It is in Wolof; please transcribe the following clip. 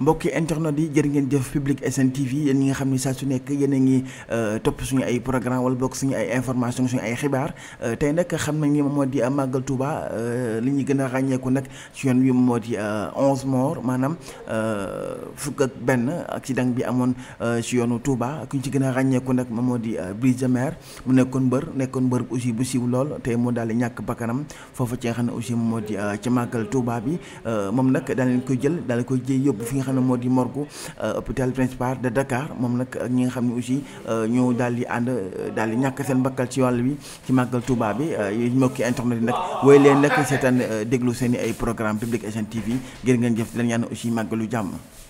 mbokki internet yi jeer ngeen jëf public SNTV yeen nga xamni sa su nek yeen ngi euh, top suñu ay programme wala bok suñu ay information suñu ay xibaar euh, tay nak xam nañ ni mo di amagal euh, Touba li ñi gëna ragneeku nak ci yoon wi mo 11 mort manam euh fuk ak ben accident bi amon ci yoonu Touba ku ci gëna ragneeku nak mo di brise de mer mu nekkon bër nekkon bër aussi bu siw lool tay mo dal ñak bakanam fofu ci xana aussi mo ci magal Touba bi mom nak dal leen ko jël dal ko jey yobbu fi xam ne di morgu euh, hôpital principal de Dakar moom nak ak euh, ñi nga xam ne aussi euh, ñoo daal di ànd daal di ñàkk seen bakkal ci wàll bi ci màggal tuuba bi yi mokk internet nak, wooy leen nag seetaan déglu seen ay programme public agent TV ngir ngeen jëf di leen ñaan aussi màggalu jàmm.